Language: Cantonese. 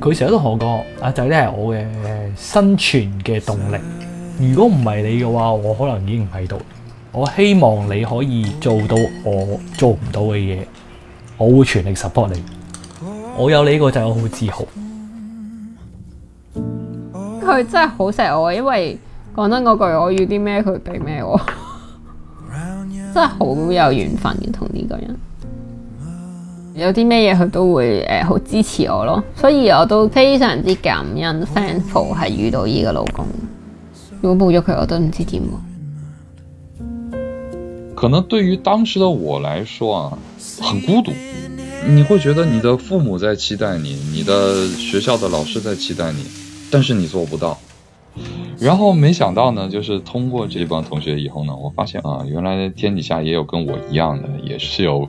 佢成日都同我講，阿仔咧係我嘅生存嘅動力。如果唔係你嘅話，我可能已經唔喺度。我希望你可以做到我做唔到嘅嘢，我會全力 support 你。我有你呢個仔，我好自豪。佢真係好錫我，因為講真嗰句，我要啲咩佢俾咩我， 真係好有緣分嘅同呢個人。有啲咩嘢佢都會誒好、呃、支持我咯，所以我都非常之感恩 thankful 係遇到呢個老公。如果冇咗佢，我都唔知點。可能對於當時的我來說啊，很孤獨。你會覺得你的父母在期待你，你的學校的老師在期待你，但是你做不到。然後沒想到呢，就是通過這幫同學以後呢，我發現啊，原來天底下也有跟我一樣的，也是有。